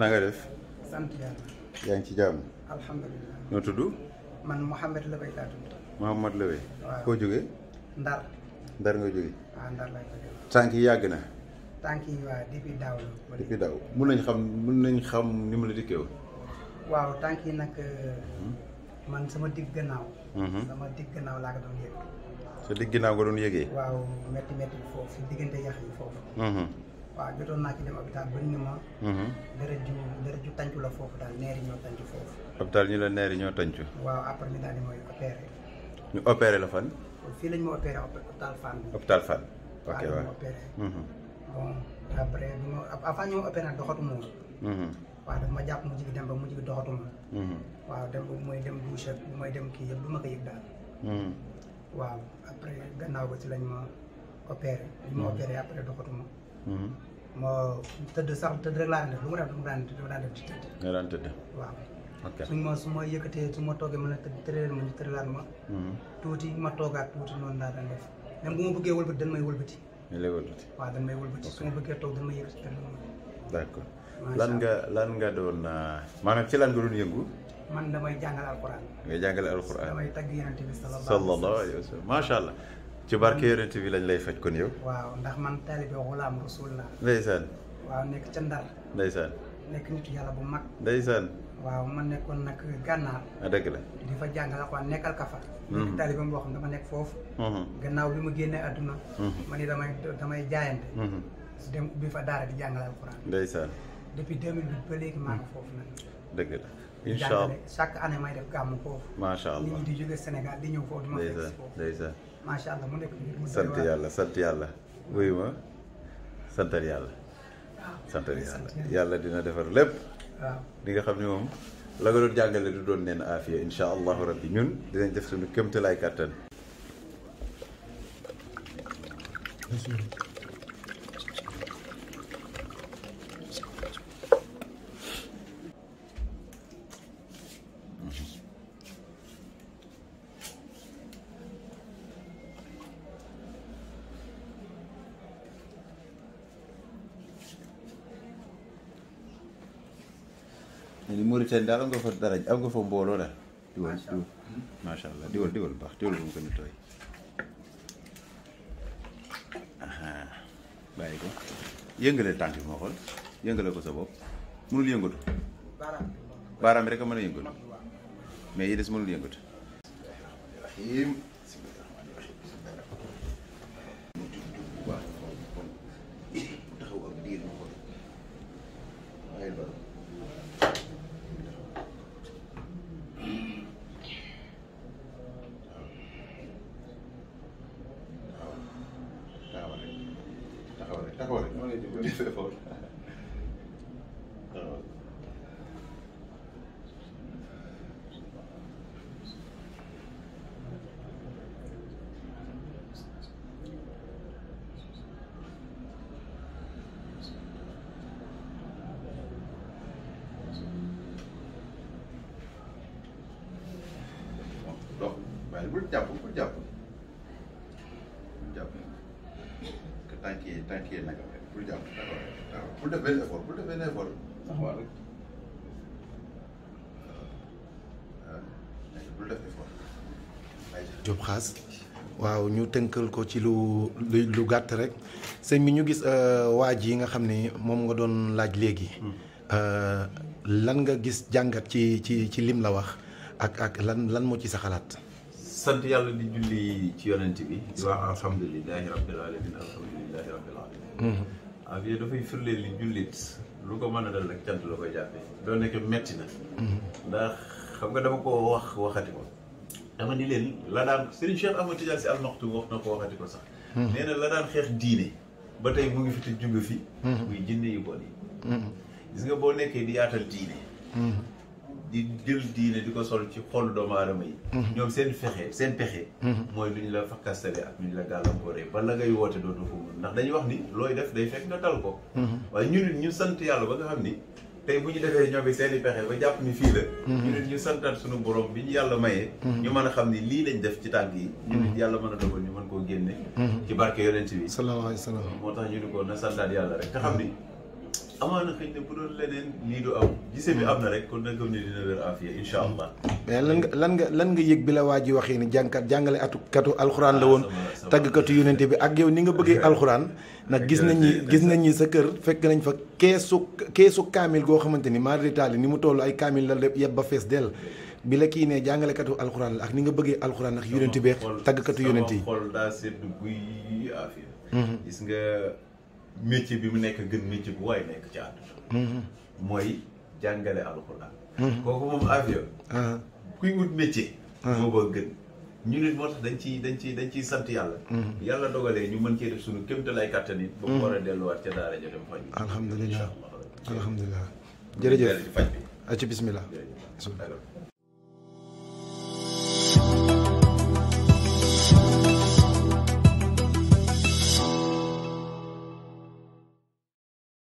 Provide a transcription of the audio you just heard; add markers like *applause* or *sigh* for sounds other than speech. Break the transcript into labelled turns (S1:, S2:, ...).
S1: na nga def. sant yàlla. yaa ngi ci jàmm. alhamdulilah. noo tudd. man Mouhamed Lewey laa tudd.
S2: Mouhamed Lewey. waaw koo jógee. Ndar. Ndar nga jógee. tànk yi yàgg na.
S1: tànk yi waaw depuis daaw la. daaw
S2: mun nañ xam mun nañ xam ni mu la dikkee woon.
S1: waaw tànk yi nag. Hmm? man sama digg gannaaw. sama digg gannaaw laa ko doon yëg.
S2: sa digg gannaaw nga doon yëgee.
S1: waaw métti métti foofu si diggante yax yi foofu. waaw jotoon naa ci dem hôpital ba ni ma. Mhm. deret ju tàncu la foofu daal neer yi ñoo tàncu foofu.
S2: hôpital ñu la neer ñoo tàncu.
S1: waaw après ñu ñu opéré la fii lañ ma opéré hôpital Fann. hôpital Fann mhm. doxatuma mhm. waaw jàpp mujj gi dem ba mujj gi doxatuma. waaw dem ba bu may dem douche bu may dem kii yëpp du ma ko yëg daal. waaw après gannaaw ba ci lañ ma opéré. bi ma opéré après doxatuma. ma tëdd sax tëdd rek laa daan def lu ma def dama daan dama daan tëdd. nga daan tëdd. waaw. ok ma su ma yëkkatee su ma toogee ma ne tëddee ma ñu tëddalaat ma. Mm-hmm. tuuti ma toogaat tuuti noonu laa daan def même bu ma bëggee wëlbati dañ may wëlbati. ñu lay wëlbati. waaw dañ may wëlbati su ma bëggee toog dañ may yëkkati dañ ma. d' accord lan
S2: nga lan nga doon euh, maanaam ci lan nga doon yëngu.
S1: man damay jàngale alquran.
S2: ngay jàngale alquran damay tagg
S1: yonent bi sallallahu
S2: alayhi wa sallam macha ci barke yonent bi lañ lay faj kon yow.
S1: waaw ndax man taalibe xulaam rasul la. ndeysaan. waaw nekk ca Ndar. ndeysaan. nekk nitu yàlla bu mag. ndeysaan. waaw man nekkoon nag gànnaar. ah dëgg la. di fa jàngal xawaan nekkal ka fa. Mhm. nekk taalibe boo xam ne dama nekk foofu. Mhm. gannaaw bi mu génnee àdduna. Mhm. ma ni damay damay jaayante. dem ubbi fa daara di jàngale alquran. ndeysaan. depuis 2008 ba léegi maa ngi foofu nag.
S2: dëgg la. incha allah
S1: chaque année may def di jóge Sénégal di ñëw foofu. di macha allah mu nekk mu sant yàlla
S2: sant yàlla wuyu ma santal yàlla.
S1: Ah, santal yàlla
S2: yàlla dina defar lépp. li nga xam ne moom la doon jàngale du doon neen aafiya incha allahu rabbi ñun dinañ def suñu kéemtalaay kàttan. ne ni Mauritanie daal am nga fa dara am nga fa mbooloo daal. diwal diwal macha allah diwal diwal baax diwal bu mu gën tooy. bàyyi ko yëngale tànk bi ma xool yëngale ko sa bopp mënul yëngatu. baaraam bi rek a mën a yëngatu mais yi des mënul yëngatu. taxawal maa ngi lay déglu téléphone waaw bul jàpp bul jàpp tànk yi waaw ñu tënkal ko ci lu lu gàtt rek sëñ bi ñu gis euh, waa ji nga xam ne moom nga doon laaj léegi hmm. euh, lan nga gis jàngat ci ci ci lim la wax ak ak lan lan moo ci sa xalaat sant yàlla di julli ci yonent bi di wax alhamdulilahi rabbil alamin alhamdulilahi rabbil alamin waaw mhm. ah, yooyu dafay firlee li jullit lu ko mën a dal rek cant la koy jàppee doo nekk metti na mhm. ndax xam nga dama ko wax waxati ko dama ni leen la daan Serigne Cheikh Ahmad Tidiane Sy Al Maktoum wax na ko waxati ko sax mhm. nee la daan xeex diine ba tey mu ngi fi te jóge fi muy jinne yu bon yi gis nga boo nekkee di yaatal diine di jël diine di ko sol ci xolu doomu aadama yi. Mhm. ñoom seen fexe seen pexe. Mhm. mooy lu ñu la fakkastale ak lu ñu la gàllankooree ba la ngay woote dootu ko mën ndax dañuy wax ni looy def day fekk nga tal ko. Mhm. waaye ñu nit ñu sant yàlla ba nga xam ni tey bu ñu defee ñoom it seen i pexe ba jàpp ni fii la. ñu nit ñu santaat suñu borom bi ñu yàlla mayee. ñu mën a xam ni lii lañ def ci tànk yi. ñu nit yàlla mën a dogal ñu mën koo génne. ci barke yonent bi. sallallahu alayhi moo tax ñu amaana xëy na am gisee bi na rek mais lan nga lan nga lan nga yëg bi la waa ji waxee ni jàngkat jàngale atu katu alxuraan la woon. tàggkatu yonente bi ak yow ni nga bëggee *laughs* alxuraan. nag gis nañ ni gis nañ ni sa kër fekk nañ fa keesu keesu kaamil goo xamante ni maa ritaali ni mu toll ay kaamil la yeb ba fees dell. bi la kii ne jàngalekatu alxuraan la ak ni nga bëggee alxuraan ak yonente bi tàggkatu yonente yi. sama xol daa sedd guy afiya. Mhm. nga. métier bi mu nekk gën métier bu waaye nekk ci àdduna mhm. mooy jàngale alxuraan mhm. kooku moom avion uh-huh. kuy wut métier uh-huh. moo ba gën ñu nit moo tax dañ ci dañ ci dañ ciy sant yàlla mhm. yàlla dogalee ñu mën cee def suñu kéemtalaay kàttan it ba mu war a delluwaat ca daara ja dem faj bi alhamdulilah alhamdulilah jërëjëf faj bi a ci bismillah